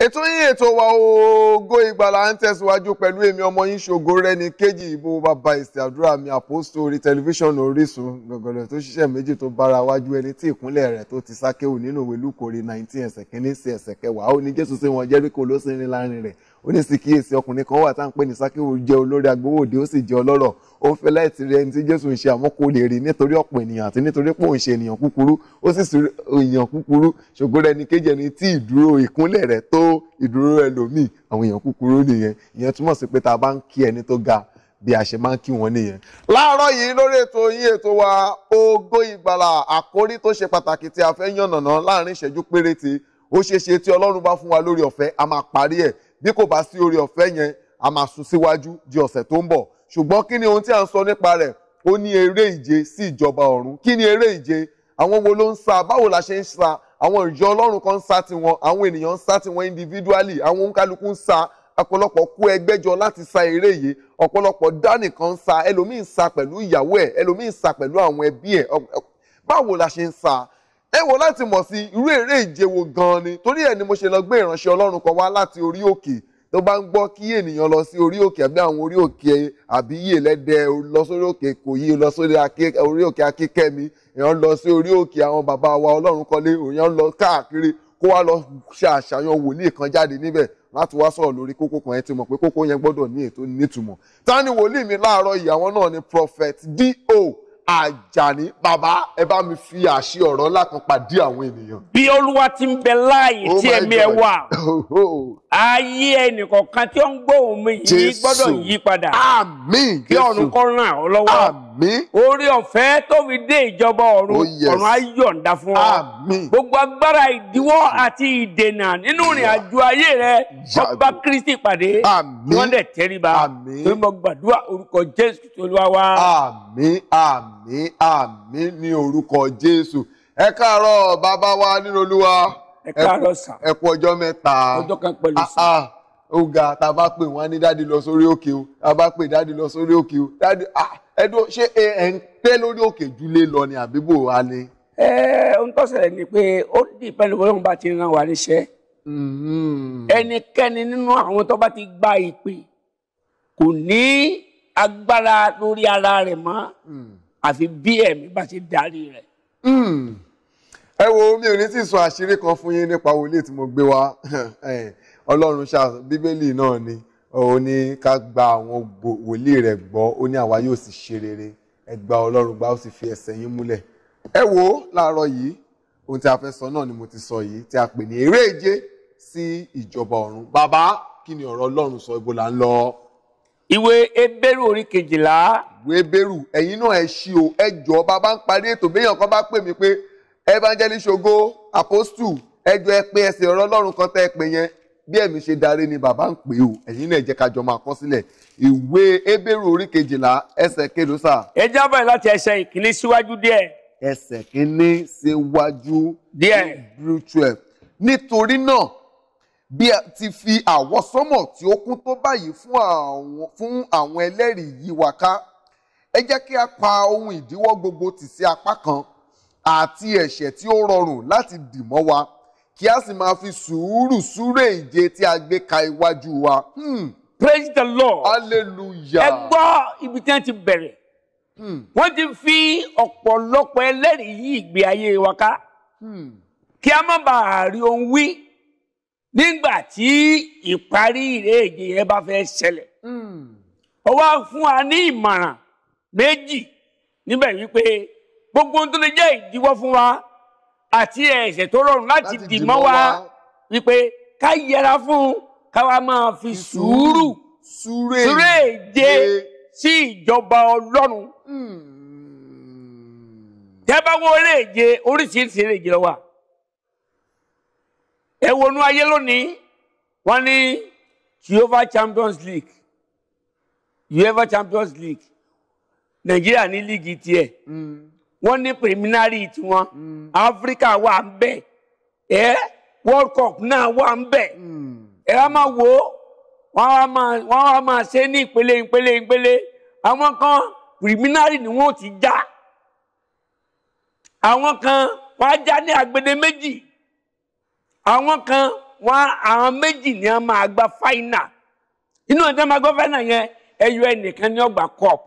ètò yín ètò wa Ògo Ìgbàlà ń tẹ̀síwájú pẹ̀lú èmi ọmọ yín Ṣògorẹ́níkéjì ìbò bàbá ìsì àdúrà mi àpòsò orí tẹlifíṣàn Orísun gbọ̀ngànlẹ̀ tó ṣiṣẹ́ méjì tó bára wájú ẹni tí ìkúnlẹ̀ rẹ̀ tó ti sákéwù nínú ìwé Lúùkù orí nineteen ẹsẹ̀ kínní sí ẹsẹ̀ kẹwàá ó ní Jésù sí wọn Jẹ́ríkò ló sì ń rin láàrin rẹ̀ ó ní sì kíyèsí ọkùnrin kan wà tá à ń pè ní Sákíù jẹ́ olórí agbowóde ó sì jẹ́ ọlọ́rọ̀ ó ń fẹ́ láìsí rẹ̀ ní tí Jésù ń ṣe àmọ́ kò lè rí nítorí ọ̀pọ̀ ènìyàn àti nítorí pé òun ṣe ènìyàn kúkúrú ó sì sí ènìyàn kúkúrú ṣògo rẹ̀ ní kéjì ẹni tí ìdúró ìkúnlẹ̀ rẹ̀ tó ìdúró ẹlòmíì àwọn èèyàn kúkúrú nìyẹn ìyẹn túmọ̀ sí pé tá a bá ń kí ẹni tó ga bí a ṣe máa ń kí wọn nìyẹn. láàárọ̀ yìí lórí ètò yín ètò wa ògo ìgbàlà àkórí tó ṣe pàtàkì tí a fẹ́ yànnàná láàrin ìṣẹ́jú péréte ó ṣeé ṣe tí ọlọ́run bá fún wa lórí ọ̀fẹ́ a máa parí ẹ̀ bí kò bá sí oore ọ̀fẹ́ yẹn a máa sún síwájú di ọ̀sẹ̀ tó ń bọ̀ ṣùgbọ́n kí ni ohun tí a ń sọ nípa rẹ̀ ó ní eré ìje sí ìjọba ọ̀run kí ni eré ìje àwọn wo ló ń sá báwo la ṣe ń sá àwọn ìjọ ọlọ́run kan ń sá tiwọn àwọn ènìyàn ń sá tiwọn individually àwọn oníkálukú ń sá ọ̀pọ̀lọpọ̀ kó ẹgbẹ́jọ láti sá eré yìí ọ̀pọ̀lọpọ̀ dánìkan ń sá ẹlòmíín sá pẹ̀lú ìyàwó ẹ̀ ẹlòmíín sá pẹ̀lú àwọn ẹbí ẹ̀ báwo la ṣe ń sá ẹ wò láti mọ̀ sí irú eré ìje wo gan-an ni torí ẹ̀ ni mo ṣe lọ gbé ìránṣẹ́ Ọlọ́run kan wá láti orí òkè tó bá ń gbọ́ kí ènìyàn lọ sí orí òkè àbí àwọn orí òkè àbí yìí lẹ́dẹ̀ lọ sórí òkè kò yí lọ sórí orí òkè akíkẹ́mi èèyàn lọ sí orí òkè àwọn bàbá wa Ọlọ́run kọ́lé èèyàn lọ káàkiri kó wá lọ ṣe àṣàyàn wòlíì kan jáde níbẹ̀ láti wá sọ̀rọ̀ lórí kókó kan ẹ ti mọ̀ pé kókó yẹn gbọ́dọ̀ ní ètò nítumọ̀ ta wòlíì mi láàárọ̀ ìyàwó náà ni prophet D.O. Àjàní bàbá ẹ bá mi fi àṣì ọ̀rọ̀ ńlá kan pàdé àwọn ènìyàn. bí olúwa ti ń bẹ láàyè oh tí ẹ̀mí ẹ wà ayé ẹnìkọ̀ọ̀kan tí ó ń gbóhùn mi yìí gbọ́dọ̀ yí padà. àmín Jésù kí ọ̀run kọ́ ràn ọ́ lọ́wọ́ àmín. orí ọ̀fẹ́ tó fi dé ìjọba ọ̀run oh, ọ̀run á yọ̀ǹda fún ọ. àmín. gbogbo agbára ìdíwọ́ àti ìdènà nínú ìrìn àjò ayé rẹ ọba kristi pàdé. àmín wọ́n dẹ̀ tẹríba. àmín tó ń bọ gbàdúrà orúkọ jésù olúwa wa. àmín àmín àmín ní orúkọ jésù ẹ káàárọ̀ bàbá wa nínú olúwa. ẹ káàárọ̀ sà. ẹ kú ọjọ́ mẹ́ta. ọjọ́ kan pẹ̀lú sà ah, ah. ó ga tá a bá pè wọn á ní dáàdi lọ sórí òkè o tá a bá pè dáàdi lọ sórí òkè o dáàdi ah ẹdùn ṣé ẹ ń pẹ́ lórí òkè júlé lọ ni àbíbò wa ni. ẹ ohun tó ṣẹlẹ̀ ni pé ó dì pẹ̀lú bọ́lá wọn bá ti ran wa níṣẹ́ mm-hmm. ẹnikẹ́ni nínú àwọn tó bá ti gba ìpè kò ní agbára lórí ara rẹ̀ mọ́ mm. àfi bí ẹ̀mí bá ti darí rẹ̀ mm. ẹ wo mi ò ní sì sọ àṣírí kan fún yín nípa wòlíì tí mo gbé wá Ọlọ́run ṣá Bíbélì náà ni ó ní ká gba àwọn wòlíì rẹ̀ gbọ́ ó ní àwa yóò sì ṣe rere ẹ gba ọlọ́run gbà ó sì fi ẹsẹ̀ yín múlẹ̀ ẹ wo láàárọ̀ yìí ohun tí a fẹ́ sọ náà ni mo ti sọ yìí tí a pè ní eré ìje sí ìjọba ọ̀run bàbá kí ni ọ̀rọ̀ ọlọ́run sọ ibo là ń lọ. ìwé ebéèrú orí kejìlá. ìwé ebéèrú ẹ̀yin náà ẹ ṣí o ẹ jọ bàbá ń parí ètò béèyàn kan bá pè mí pé evangelist Ṣògo apostle ẹjọ ẹ pé ẹsẹ̀ ọ̀rọ̀ ọlọ́run kan tẹ́ ẹ pè yẹn bí ẹ̀mí ṣe darí ni bàbá ń pè o ẹ̀yin náà jẹ́ ká jọ máa kọ sílẹ̀ ìwé ebéèrú orí kejìlá ẹsẹ̀ kéde sà. ẹ jábọ̀ láti ẹsẹ̀ ìkíní síwájú díẹ̀. ẹsẹ̀ kíní síwájú díẹ̀ Hebrew twelve nítorí náà bí a ti fi àwọsánmọ̀ tí ó kún tó báyìí fún àwọn ẹlẹ́rìí yìí wá ká ẹ jẹ́ kí a pa ohun ìdíwọ́ gbogbo tì sí apá kan àti ẹ̀ṣẹ̀ tí ó rọrùn láti dì mọ́ wa kí a sì máa fi sùúrù súré ìje tí a gbé ka iwájú wa. Hmm. praise the lord hallelujah. ẹ gbọ́ ibi tí wọ́n ti bẹ̀rẹ̀ hmm. wọ́n ti fi ọ̀pọ̀lọpọ̀ ẹlẹ́rìí yí ìgbé ayé wa ká hmm. kí a má bàa rí ohun wí nígbà tí ìparí ìrèje yẹn bá fẹ́ ṣẹlẹ̀ ó wá fún wa ní ìmọ̀ràn méjì níbẹ̀ wípé gbogbo ohun tó lè jẹ́ ìdíwọ́ fún wa àti ẹ̀ṣẹ̀ tó rọrùn láti dì mọ́ wa wípé ká yẹra fún káwa máa fi sùúrù súrèje sí ìjọba ọlọ́run. Hmm. tẹ́ bá wo eréje oríṣiríṣi eréje ló wà ẹ wọnú ayé lónìí wọ́n ní UEFA Champions League UEFA Champions League Nàìjíríà ní líìgì tiẹ̀. Hmm. wọ́n ní preliminary wọn Africa wà ń bẹ̀ ẹ́ World Cup náà wà ń bẹ̀ ẹ wá máa wò ó wọ́n wá máa ṣe ní ìpele ìpele ìpele àwọn kan preliminary ni ò ti já àwọn kan wọ́n á já ní agbede méjì àwọn kan wọ́n àwọn méjì ni wọ́n máa gba final inú ọjọ́ máa gbọ́ final yẹn ẹyọ ẹnìkan ní ọgbà cup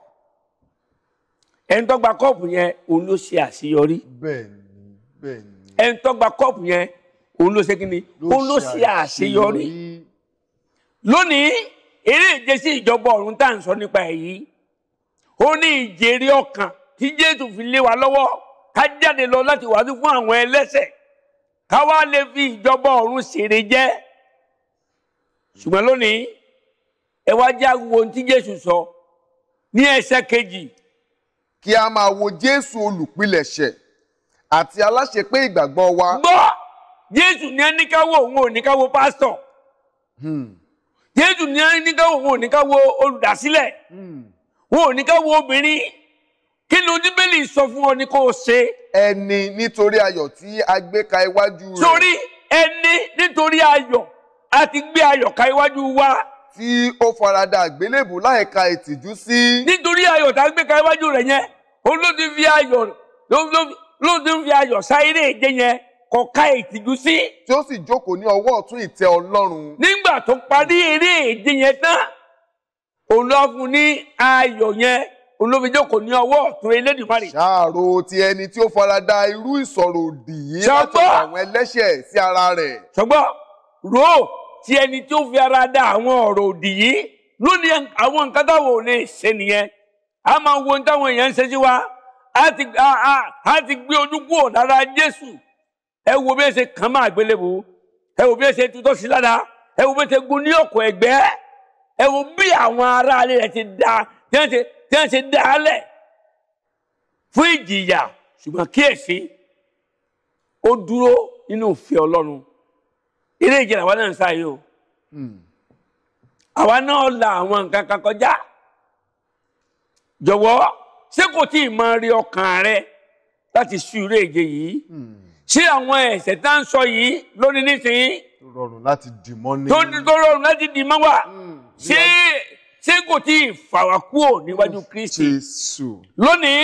ẹni tó gba kọ́ọ̀pù yẹn òun ló ṣe àṣeyọrí ẹni tó gba kọ́ọ̀pù yẹn òun ló ṣe kíni òun ló ṣe àṣeyọrí lónìí eré ìje sí ìjọba ọ̀run tá à ń sọ nípa èyí ó ní ìjèrè ọkàn tí Jésù fi lé wa lọ́wọ́ ká jáde lọ láti wàásù fún àwọn ẹlẹ́ṣẹ̀ ká wá lè fi ìjọba ọ̀run ṣèrè jẹ́ ṣùgbọ́n lónìí ẹ wá jágun ohun tí Jésù sọ ní ẹsẹ̀ kejì kí a máa wo jésù olùpilẹ̀ṣẹ̀ àti aláṣepé ìgbàgbọ́ wa. gbọ́ jésù ní ẹni ká wo òun ò ní ká wo pásítọ̀ hmm. jésù ní ẹni wo òun ò ní ká wo olùdásílẹ̀ wọn hmm. ò ní ká obìnrin kí ló bíbélì sọ fún ọ ni kó o ṣe. ẹni nítorí ayọ̀ tí a gbé ka iwájú rẹ̀. sórí ẹni nítorí ayọ̀ a ti gbé ayọ̀ ka iwájú wa tí ó farada àgbélébù láìka ìtìjú sí. nítorí ayọ̀ tá a gbé ka iwájú rẹ̀ yẹn òun ti fi ayọ̀ ló ti fi ayọ̀ sáyéré èdè yẹn kò ká ìtìjú sí. tí ó sì jókòó ní ọwọ́ ọ̀tún ìtẹ́ ọlọ́run. nígbà tó parí eré èdè yẹn tán òun ló fún ní ayọ̀ yẹn òun ló fi jókòó ní ọwọ́ ọ̀tún Elédùmarè. ṣàrò ti ẹni tí ó farada irú ìsọ̀rọ̀ òdì yìí láti àwọn ẹlẹ́ṣẹ̀ sí ara rẹ̀. ṣùgbọ́n rò ti ẹni tí ó fi ara da àwọn ọ̀rọ̀ òdì yìí lónìí àwọn nǹkan táwọn ò lè ṣe nìyẹn a máa wo ní táwọn èèyàn ń ṣe sí wa a ti gbé ojú kúrò lára Jésù ẹ wo bí ẹ ṣe kàn máa gbélébò ẹ wo bí ẹ ṣe tutọ́ sí lára ẹ wo bí ẹ ṣe gun ní ọ̀kọ̀ ẹ̀gbẹ́ ẹ wo bí àwọn aráalé rẹ ti da tí wọ́n ṣe da á lẹ̀ fún ìjìyà ṣùgbọ́n kíyèsí ó dúró nínú òfin Ọlọ́run eré ìjẹ́ àwa náà ń sáyé o hmm. àwa náà la àwọn nǹkan kan kọjá jọ̀wọ́ ṣé kò tí ì mọ rí ọkàn rẹ láti sú eré ìje yìí hmm. ṣé àwọn ẹ̀ṣẹ̀ tá ń sọ yìí lónìí nísìnyí. tó rọrùn láti dì mọ́ ní. tó rọrùn láti dì mọ́ wa hmm. ṣé ṣé kò tí ì fà kúrò níwájú Kristi lónìí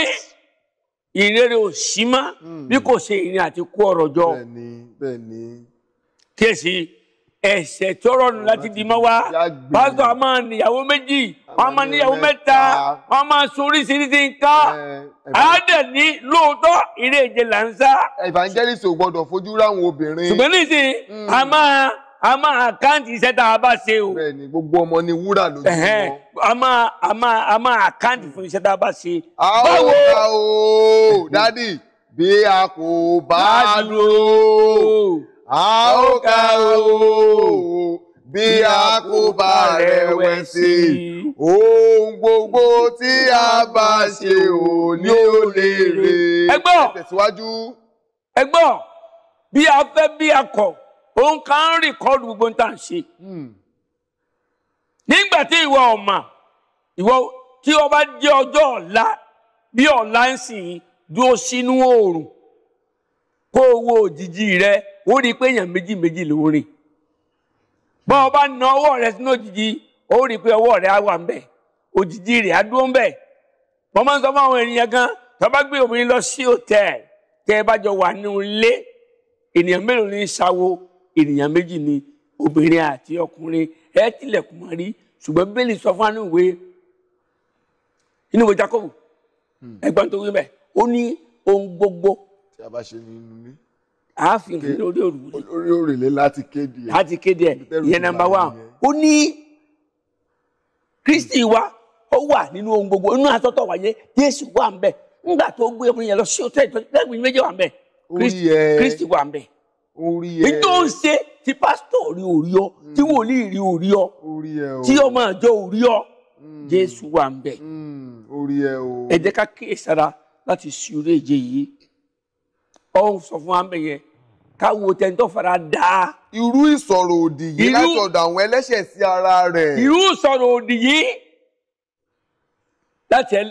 ìrere ò sí mọ́ bí kò ṣe ìrìn àti kó ọ̀rọ̀ jọ. bẹ́ẹ̀ni bẹ́ẹ̀ni kíyèsí ẹ̀ṣẹ̀ tí ó láti di mọ́ wa pásítọ̀ a máa níyàwó méjì wọ́n máa níyàwó mẹ́ta wọ́n máa sun oríṣiríṣi nǹkan àádẹ́ ní lóòótọ́ eré ìje là ń sá. evangelist ò gbọdọ̀ fojú ráwọn obìnrin. ṣùgbọ́n nísìnyí a hmm. máa àkáǹtì iṣẹ́ tá a bá ṣe o. bẹ́ẹ̀ni gbogbo ọmọ ni wúrà lójú wọn. a máa a máa a máa àkáǹtì fún iṣẹ́ tá a bá ṣe. báwo báwo dádì bí a kò bá lò ó a ó ká o bí a kò bá rẹ̀wẹ̀sì ohun gbogbo tí a bá ṣe ò ní ó lè rè. ẹgbọ́n tẹ̀síwájú. ẹgbọ́n bí a fẹ́ bí a kọ̀ òun kan ń rìkọ́dù gbogbo ń tà ń ṣe. Hmm. nígbà tí ìwọ ọ̀mà ìwọ tí ọba jẹ́ ọjọ́ ọ̀la bí ọ̀la ń sìn dúró sínú oòrùn kó o wo òjijì rẹ ó rí i pé èèyàn méjì méjì ló rìn bọ́ ọ bá na ọwọ́ rẹ sínú òjijì ó rí pé ọwọ́ rẹ á wà ń òjijì rẹ̀ á dúró ń bẹ̀ mo máa ń sọ fún àwọn ènìyàn gan tó bá lọ sí wà ilé ènìyàn mélòó ní ènìyàn méjì ni obìnrin àti ọkùnrin ẹ tilẹ̀kùn mọ́ a bá ṣe ní inú a fi hàn lórí òrùlé. lórí òrùlé láti kéde ẹ. láti kéde ẹ ìyẹn nàmbà wa ó ní kristi wa ó wà nínú ohun gbogbo inú àtọ́tọ̀ wáyé jésù wà ń bẹ ńgbà tó gbé ọmọ yẹn lọ sí òtẹ́ ìtọ́jú méjì wà ń bẹ kristi wà ń bẹ orí ẹ ètò ṣe ti pásítọ̀ rí orí ọ tí hmm. wòlíì rí orí ọ tí ọmọ àjọ orí ọ hmm. jésù wà ń bẹ orí hmm. ẹ o ẹ jẹ́ ká kíyèsára láti ṣe orí èjè yìí ọ sọ fún wa ń bẹ yẹn káwo tẹ̀ntọ́ fara da. irú ìsọ̀rọ̀ òdì yìí látọ̀dọ̀ àwọn ẹlẹ́ṣẹ̀ sí ara rẹ̀. irú ìsọ̀rọ̀ òdì yìí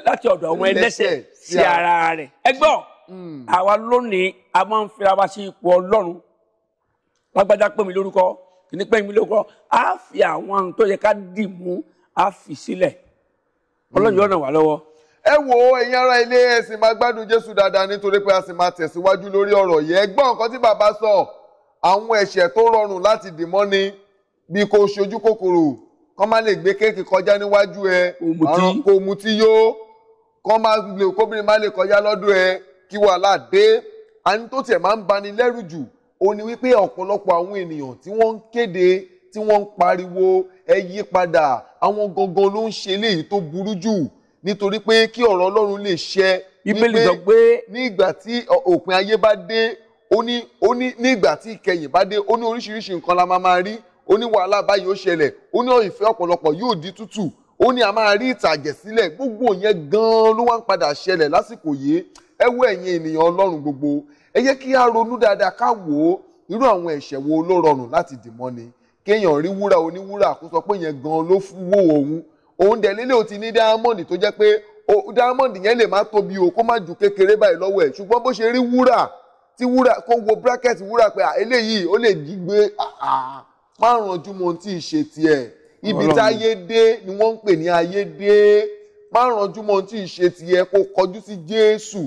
láti ọ̀dọ̀ àwọn ẹlẹ́ṣẹ̀ sí ara rẹ̀. ẹgbọ́n hmm. àwa lónìí a máa ń fira wa sí ipò ọlọ́run lágbájá pè mí lórúkọ kìíní pè mí lórúkọ á fi àwọn tó yẹ ká dì mú á fi sílẹ̀ ọlọ́run yóò ràn wá lọ́wọ́ ẹ wo ẹ̀yin ará ilé ẹ sì máa gbádùn jésù dáadáa nítorí pé a sì máa tẹ̀síwájú lórí ọ̀rọ̀ yìí ẹ gbọ́ nǹkan tí bàbá sọ àwọn ẹ̀ṣẹ̀ tó rọrùn láti dì mọ́ ni bí kò ṣojú kòkòrò kó má lè gbé kéèkì kọjá níwájú ẹ kò mutí yó kó má lè kóbìnrin má lè kọjá lọ́dọ̀ ẹ kí wàhálà dé àní tó tiẹ̀ máa ń bani lẹ́rù jù ó ní wípé ọ̀pọ̀lọpọ̀ àwọn ènìyàn tí wọ́n ń kéde tí wọ́n ń pariwo ẹ yí padà àwọn gangan ló ń ṣe eléyìí tó burú jù nítorí pé kí ọ̀rọ̀ Ọlọ́run lè ṣẹ ìbéèrè sọ pé nígbà tí òpin ayé bá dé ó ní ó ní nígbà tí ìkẹyìn bá dé ó ní oríṣiríṣi nǹkan la máa máa rí ó ní wàhálà báyìí ó ṣẹlẹ̀ ó ní ìfẹ́ ọ̀pọ̀lọpọ̀ yóò di tútù ó ní a máa rí ìtàjẹ̀ sílẹ̀ gbogbo yẹn gan-an ló wá ń padà ṣẹlẹ̀ lásìkò yìí ẹ wo ẹ̀yin ènìyàn Ọlọ́run gbogbo ẹ jẹ́ kí a ronú dáadáa ká wò ó irú àwọn ẹ̀ṣẹ̀ wo ló rọrùn láti dìmọ́ ni kéèyàn rí wúrà oníwúrà kó pé yẹn gan-an ló fún wò òun òun dẹ̀ lélẹ̀ o ti ní diamond tó jẹ́ pé diamond yẹn lè má tóbi o kó má ju kékeré báyìí lọ́wọ́ ẹ̀ ṣùgbọ́n bó ṣe rí wúrà tí wúrà kó wo bracket wúrà pé eléyìí ó lè jí gbé márùn ojú mo ti ṣe tiẹ̀ ibi tí ayé dé ni wọ́n ń pè ní ayé dé márùn ojú mo ti ṣe tiẹ̀ kó kọjú sí Jésù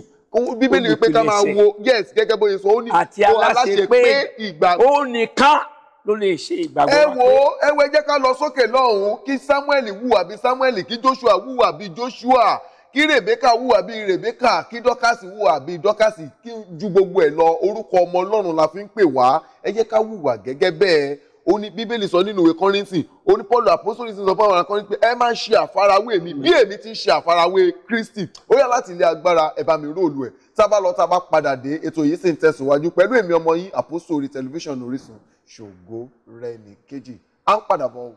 bíbélì wípé ká máa wo yes gẹ́gẹ́ bó ṣe sọ ó ní aláṣẹ pé ìgbà ó nìkan ló lè ṣe ìgbàgbọ́. ẹ wo ẹ wo ẹ jẹ́ ká lọ sókè lọ́hùn-ún kí samuel wùwà bí samuel kí joshua wùwà bí joshua kí rebeka wùwà bí rebeka kí dọ́kàsì wùwà bí dọ́kàsì kí ju gbogbo ẹ̀ lọ orúkọ ọmọ ọlọ́run la fi ń pè wá ẹ jẹ́ ká wùwà gẹ́gẹ́ bẹ́ẹ̀ ó ní bíbélì sọ nínú ìwé kọ́rìntì ó ní paul apostoli ti sọ fún àwọn akọrin pé ẹ máa ń ṣe àfarawé mi bí èmi ti ń ṣe àfarawé kristi ó yá láti ilé agbára ẹ bá mi róòlù ẹ tá a bá lọ tá a bá padà dé ètò yìí sì ń tẹ̀síwájú pẹ̀lú èmi ọmọ yín apostoli tẹlifíṣàn Orísun ṣògo rẹni kejì à ń padà bọ̀